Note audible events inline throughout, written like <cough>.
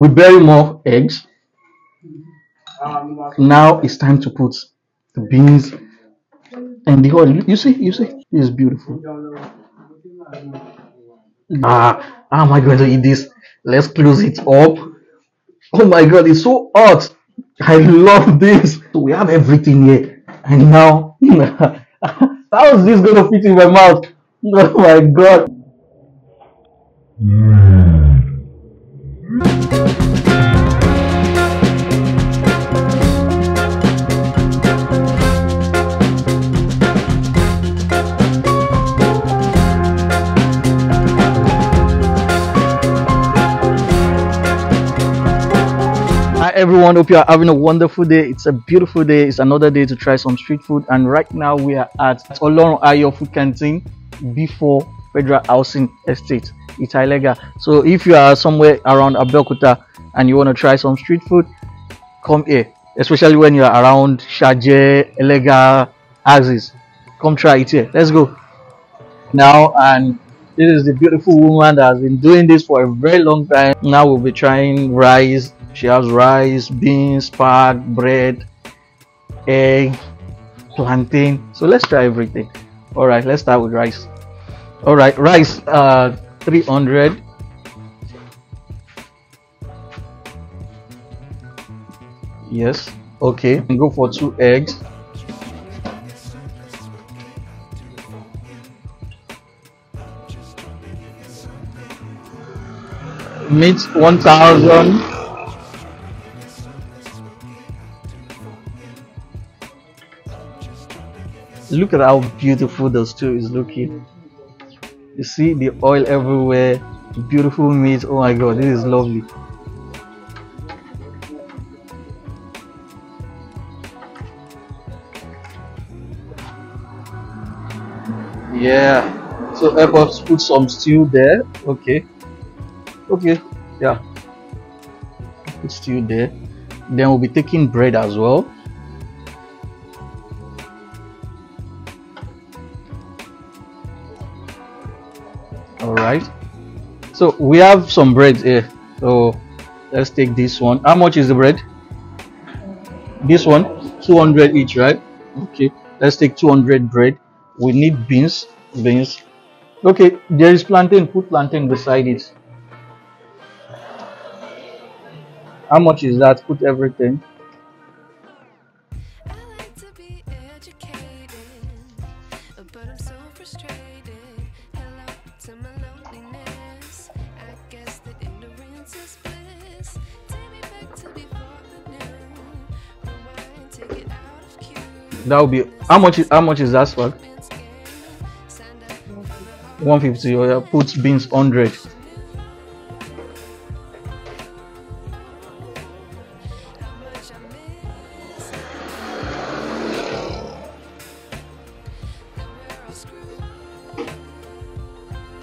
We bury more eggs. Now it's time to put the beans and the oil. You see, you see, it's beautiful. Ah, how am I going to eat this? Let's close it up. Oh my god, it's so hot. I love this. So we have everything here. And now, <laughs> how is this going to fit in my mouth? Oh my god. Mm. everyone hope you are having a wonderful day it's a beautiful day it's another day to try some street food and right now we are at Olorun Ayo food canteen before Federal Housing Estate Italega so if you are somewhere around Abeokuta and you want to try some street food come here especially when you are around Shaje Elega Axis, come try it here let's go now and this is the beautiful woman that has been doing this for a very long time now we'll be trying rice she has rice, beans, spag, bread, egg, plantain. So let's try everything. All right, let's start with rice. All right, rice uh 300 Yes. Okay. And go for two eggs. Meat 1000 look at how beautiful the stew is looking you see the oil everywhere beautiful meat oh my god this is lovely yeah so help us put some stew there okay okay yeah put stew there then we'll be taking bread as well right so we have some bread here so let's take this one how much is the bread this one 200 each right okay let's take 200 bread we need beans beans okay there is plantain put plantain beside it how much is that put everything That would be how much. Is, how much is that for One fifty. Or oh, yeah, put beans hundred.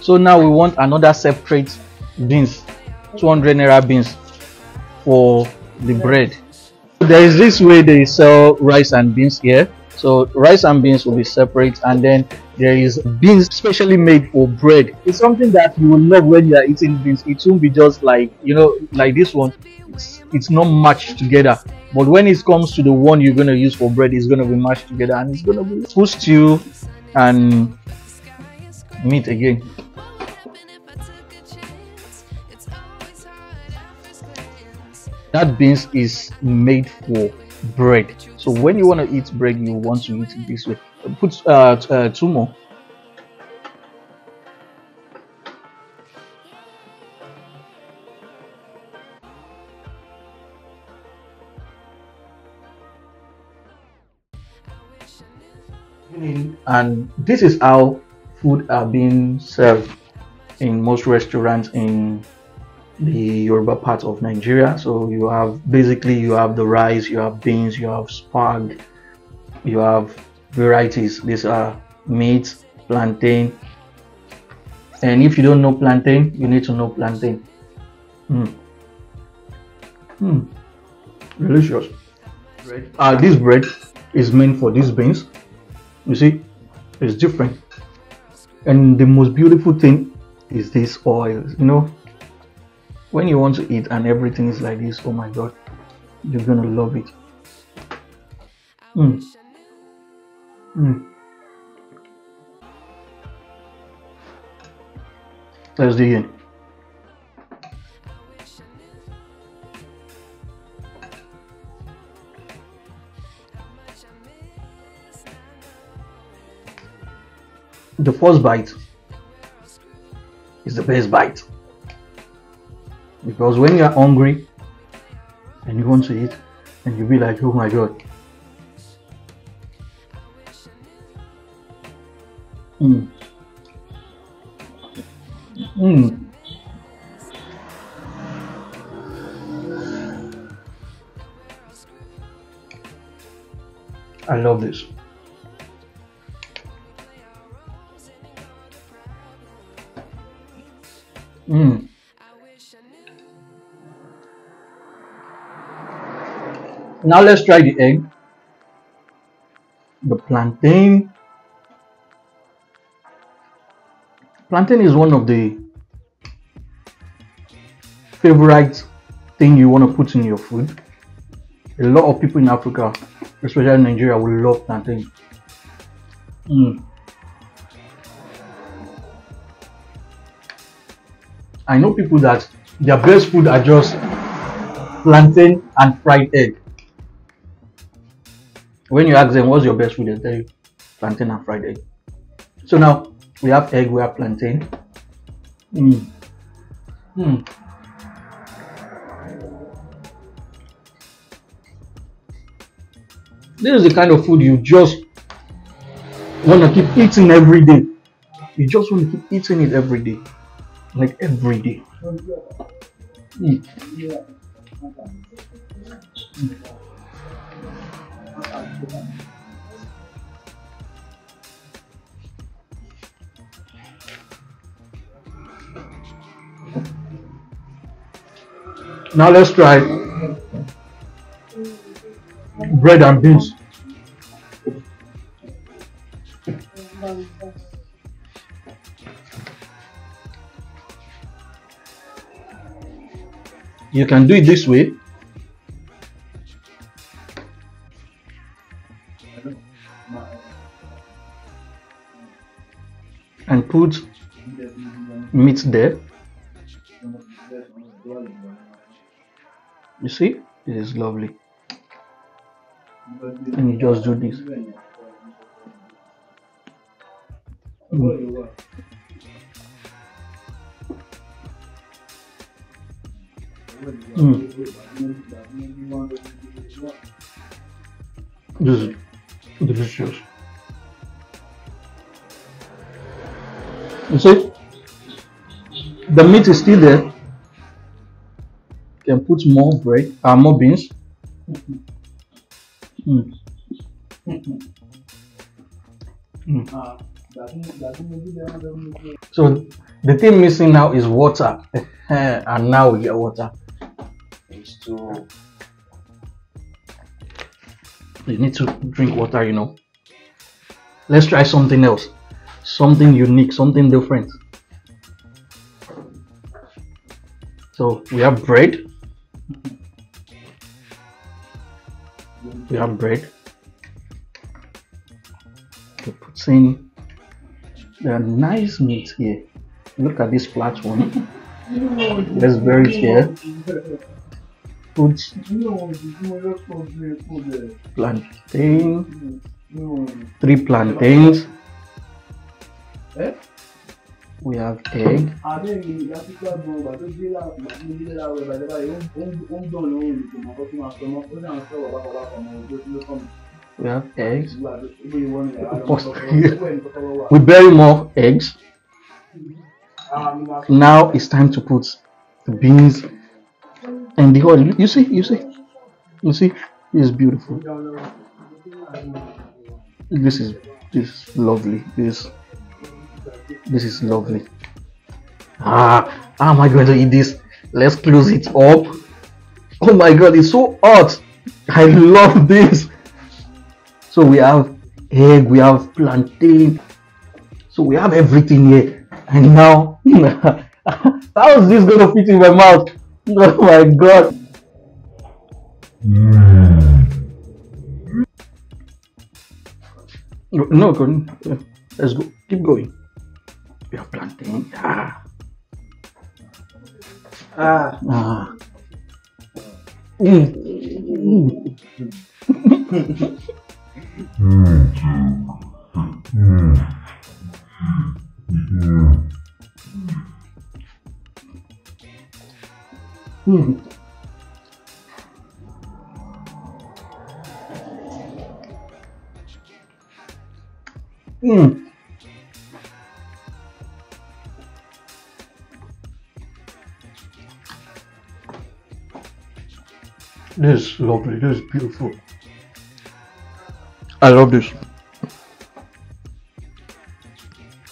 So now we want another separate beans, 200 naira beans for the bread. There is this way they sell rice and beans here. So rice and beans will be separate and then there is beans specially made for bread. It's something that you will love when you are eating beans. It won't be just like, you know, like this one. It's, it's not matched together. But when it comes to the one you're going to use for bread, it's going to be mashed together and it's going to be full stew and meat again. that beans is made for bread so when you want to eat bread you want to eat it this way put uh, uh, two more and this is how food are being served in most restaurants in the Yoruba part of Nigeria. So you have basically you have the rice, you have beans, you have spag, you have varieties. These are meat, plantain. And if you don't know plantain, you need to know plantain. Mm. Mm. Delicious. Bread. Uh, this bread is meant for these beans. You see, it's different. And the most beautiful thing is this oil. You know, when you want to eat and everything is like this oh my god you're gonna love it mm. Mm. let's dig in the first bite is the best bite because when you're hungry and you want to eat and you'll be like oh my god mm. Mm. I love this. Mmm. Now let's try the egg, the plantain. Plantain is one of the favorite thing you want to put in your food. A lot of people in Africa, especially Nigeria, will love plantain. Mm. I know people that their best food are just plantain and fried egg. When you ask them what's your best food, they tell you plantain and fried egg. So now we have egg, we have plantain. Mm. Mm. This is the kind of food you just want to keep eating every day. You just want to keep eating it every day. Like every day. Mm. Mm. Now let's try bread and beans. You can do it this way and put meat there you see it is lovely and you just do this mm. Mm. Delicious. You see, the meat is still there. You can put more bread, uh, more beans. Mm. Mm. Ah, so the thing missing now is water, <laughs> and now we get water. It's too you need to drink water, you know. Let's try something else. Something unique, something different. So we have bread. We have bread. We put in the nice meat here. Look at this flat one. <laughs> Let's bury it here. Putz. Three plantains. Eh? We have egg. We have eggs. we bury more eggs. Mm-hmm. Now it's time to put the beans and the whole, you see you see you see it's is beautiful this is this is lovely this this is lovely ah how ah, am i going to eat this let's close it up oh my god it's so hot i love this so we have egg we have plantain so we have everything here and now <laughs> how is this going to fit in my mouth Oh my god. No, no, Let's go. Keep going. We are planting. Ah. Ah. ah. Hmm. Mm. This is lovely, this is beautiful. I love this.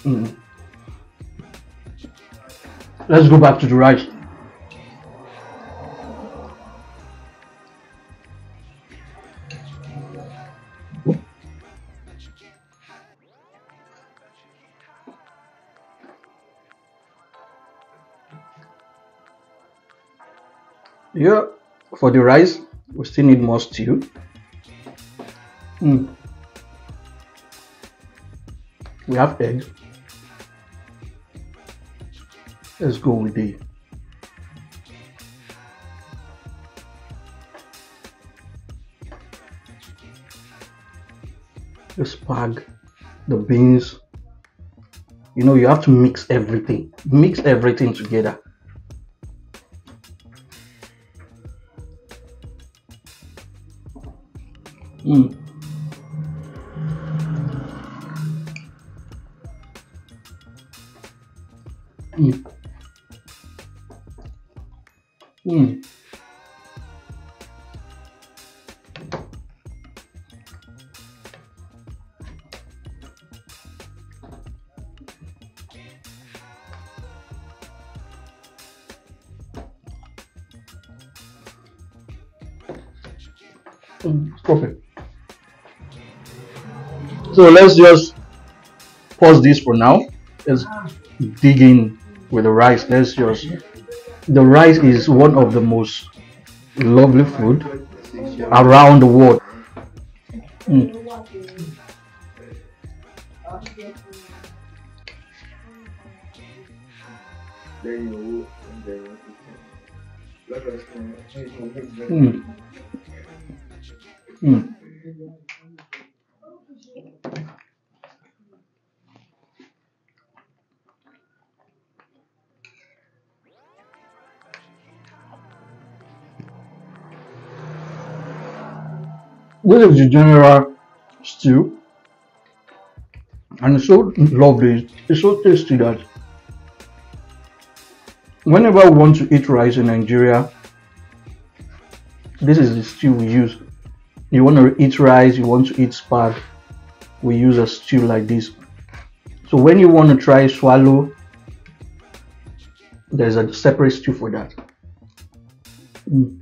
Mm. Let's go back to the rice. here for the rice we still need more stew mm. we have eggs let's go with the the spag the beans you know you have to mix everything mix everything together うん。うん。うん。so let's just pause this for now let's ah. dig in with the rice let's just the rice is one of the most lovely food around the world mm. Mm. Mm. this is the general stew and it's so lovely it's so tasty that whenever we want to eat rice in nigeria this is the stew we use you want to eat rice you want to eat spag we use a stew like this so when you want to try swallow there's a separate stew for that mm.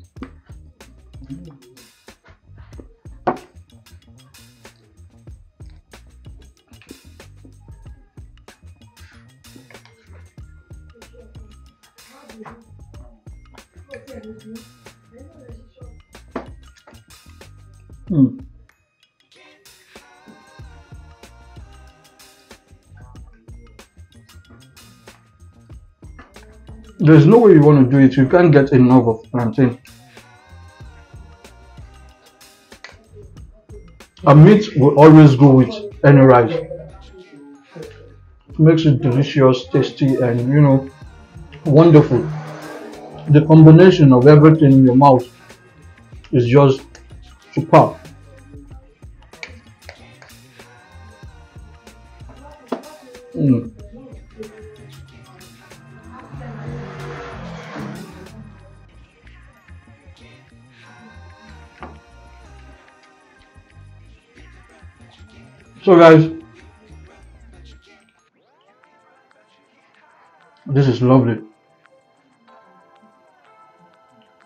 There's no way you want to do it. You can't get enough of plantain. And meat will always go with any rice. It makes it delicious, tasty, and you know, wonderful. The combination of everything in your mouth is just superb. Mm. So guys, this is lovely.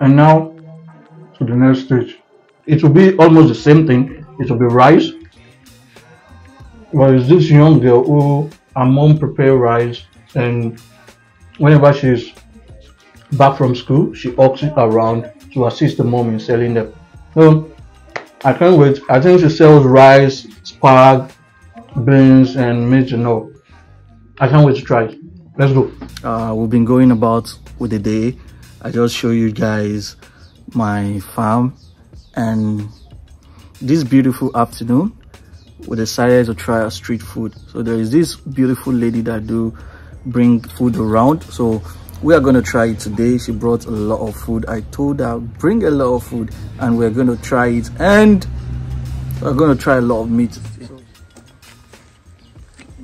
And now to the next stage. It will be almost the same thing. It will be rice. But it's this young girl who her mom prepare rice and whenever she's back from school, she walks it around to assist the mom in selling them. So I can't wait. I think she sells rice, spag, beans, and meat. You know, I can't wait to try it. Let's go. Uh, we've been going about with the day. I just show you guys my farm, and this beautiful afternoon, we decided to try a street food. So there is this beautiful lady that do bring food around. So we are going to try it today she brought a lot of food i told her bring a lot of food and we're going to try it and we're going to try a lot of meat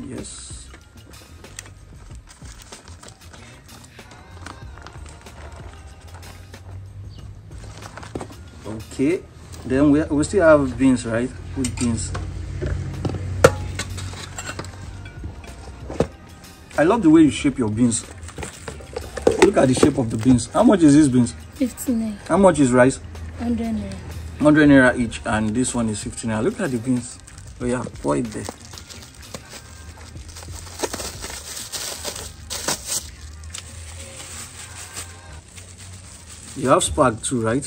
yes okay then we, we still have beans right with beans i love the way you shape your beans look at the shape of the beans. How much is this beans? 15 How much is rice? 100 naira. 100 naira each and this one is 15 naira. Look at the beans. Oh yeah, pour there. You have spark too, right?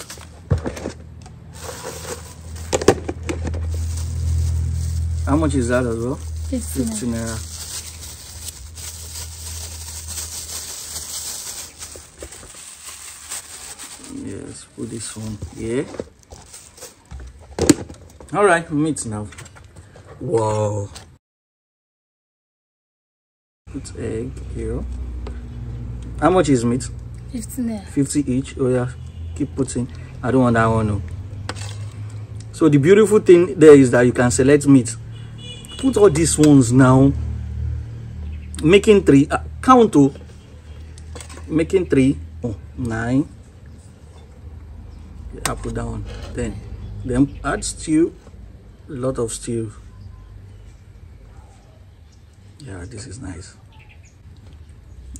How much is that as well? 15 naira. 15 naira. this one here all right meat now wow put egg here how much is meat 15 50 each oh yeah keep putting i don't want that one no so the beautiful thing there is that you can select meat put all these ones now making three uh, count to making three oh nine up down then then add stew lot of stew yeah this is nice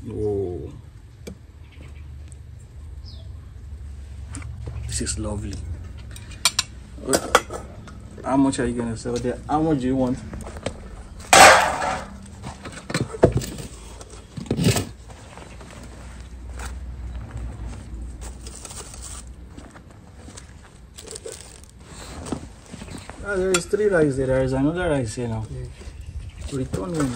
whoa this is lovely how much are you gonna sell there how much do you want three rice there is another rice here now. Return me,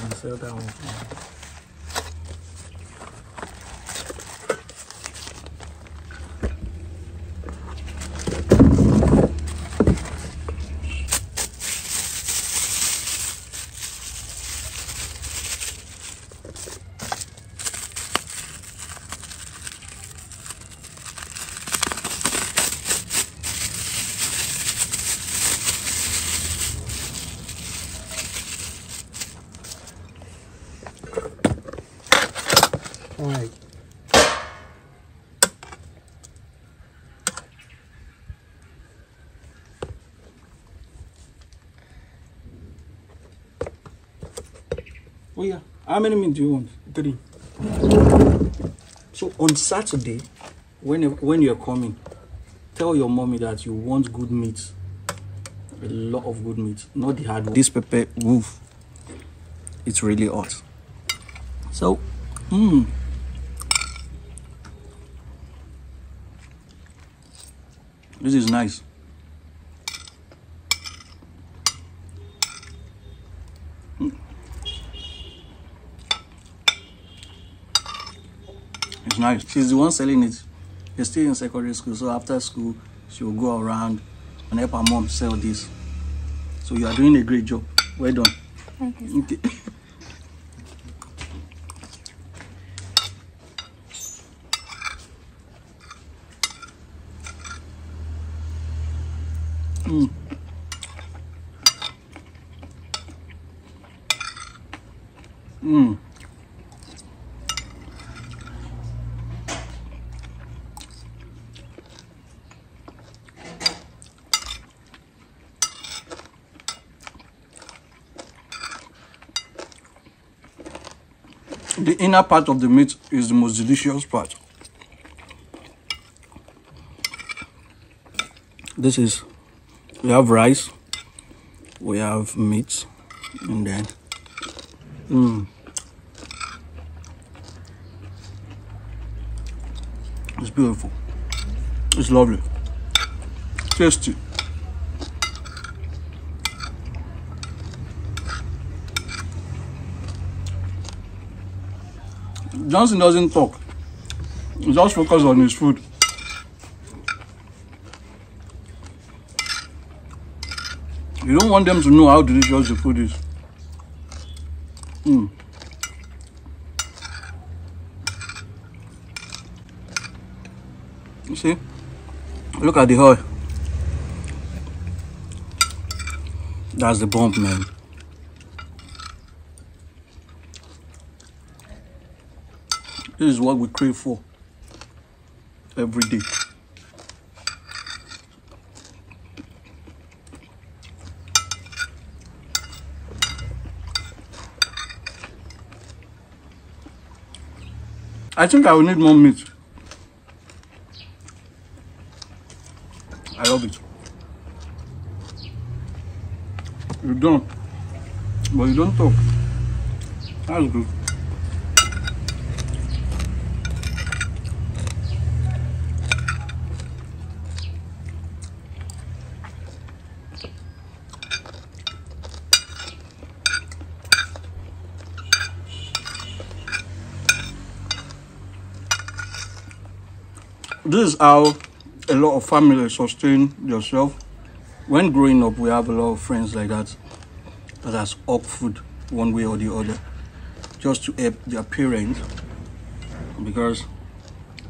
How many minutes do you want? Three. So on Saturday, when, when you're coming, tell your mommy that you want good meat. A lot of good meat, not the hard one. This pepper, woof, it's really hot. So, mmm. This is nice. now she's the one selling it she's still in secondary school so after school she will go around and help her mom sell this so you are doing a great job well done thank you okay. mm. <laughs> Hmm. hmm. The inner part of the meat is the most delicious part. This is, we have rice, we have meat, and then, hmm, it's beautiful. It's lovely. Tasty. Johnson doesn't talk. He just focuses on his food. You don't want them to know how delicious the food is. Mm. You see? Look at the oil. That's the bump, man. This is what we crave for every day. I think I will need more meat. I love it. You don't. But you don't talk. That's good. this is how a lot of families sustain yourself. When growing up, we have a lot of friends like that that has up food one way or the other just to help their parents because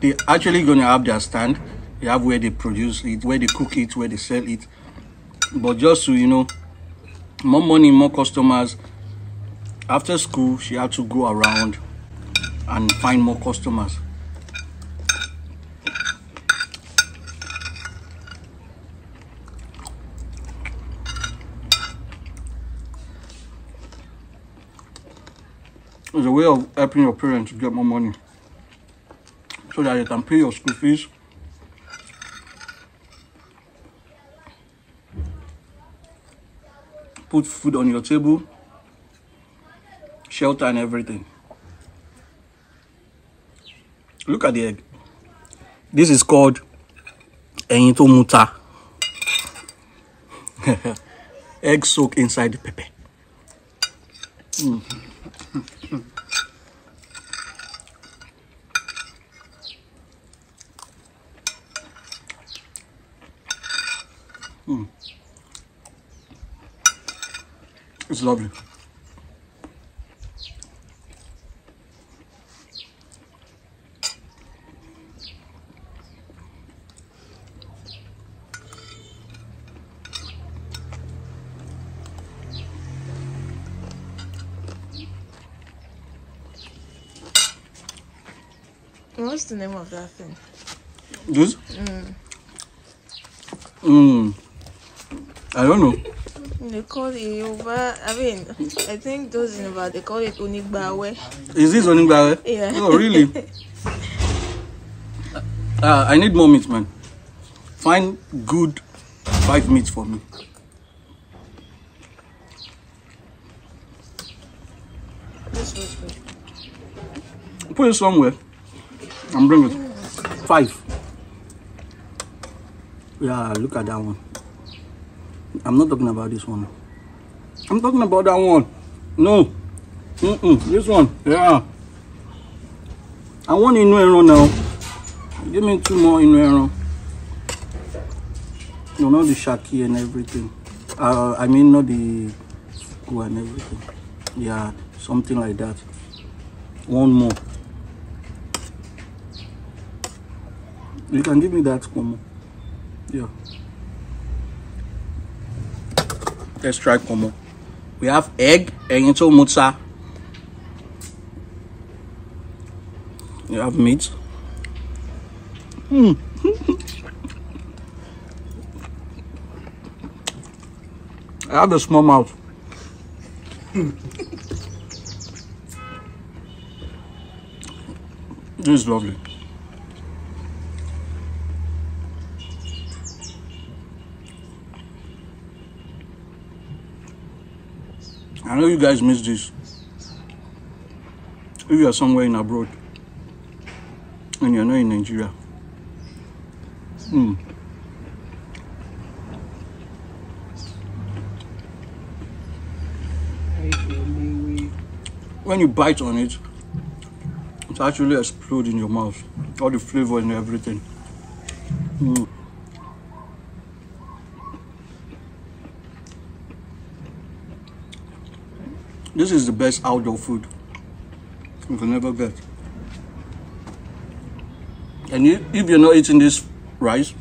they actually gonna have their stand they have where they produce it where they cook it where they sell it but just to you know more money more customers after school she had to go around and find more customers It's a way of helping your parents get more money so that you can pay your school fees. Put food on your table, shelter and everything. Look at the egg. This is called ẹyin tó muta. <laughs> Egg soak inside the pepper. Mm. Mm. It's lovely. What's the name of that thing? This? Mm. Mm. I don't know. They call it Yoruba. I mean, I think those in Yoruba they call it Onigbawe. Is this Onigbawe? Yeah. Oh, really? uh, <laughs> I need more meat, man. Find good five meats for me. This was good. Put it somewhere. I'm bringing it. Five. Yeah, look at that one. I'm not talking about this one. I'm talking about that one. No. Mm -mm, this one. Yeah. I want in ẹran now. Give me two more in ẹran. No, not the shaki and everything. Uh, I mean, not the school and everything. Yeah, something like that. One more. You can give me that, Yeah. Let's try Komo. We have egg, into Mutsa. We have meat. Hmm. <laughs> I have a small mouth. <laughs> this is lovely. know you guys miss this. If you are somewhere in abroad and you're not in Nigeria, mm. when you bite on it, it actually explodes in your mouth, all the flavor and everything. Mm. This is the best outdoor food you can ever get. And you, if you're not eating this rice,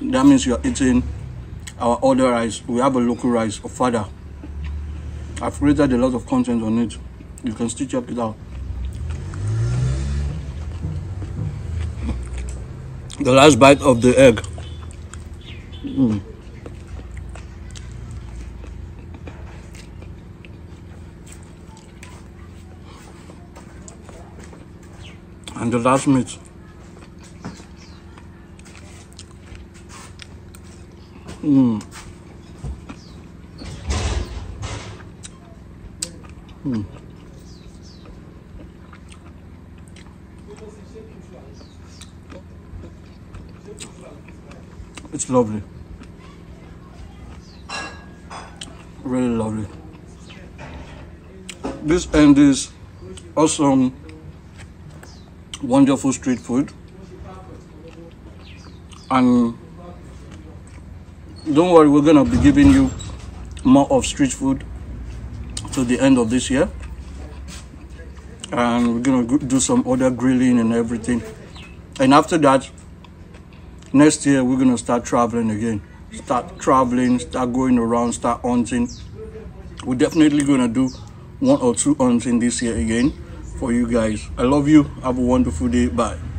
that means you're eating our other rice. We have a local rice, fada. I've created a lot of content on it. You can still check it out. The last bite of the egg. Mm. the last meat. Mm. Mm. It's lovely. Really lovely. This end is awesome wonderful street food and don't worry we're gonna be giving you more of street food to the end of this year and we're gonna do some other grilling and everything and after that next year we're gonna start traveling again start traveling start going around start hunting we're definitely gonna do one or two hunting this year again for you guys. I love you. Have a wonderful day. Bye.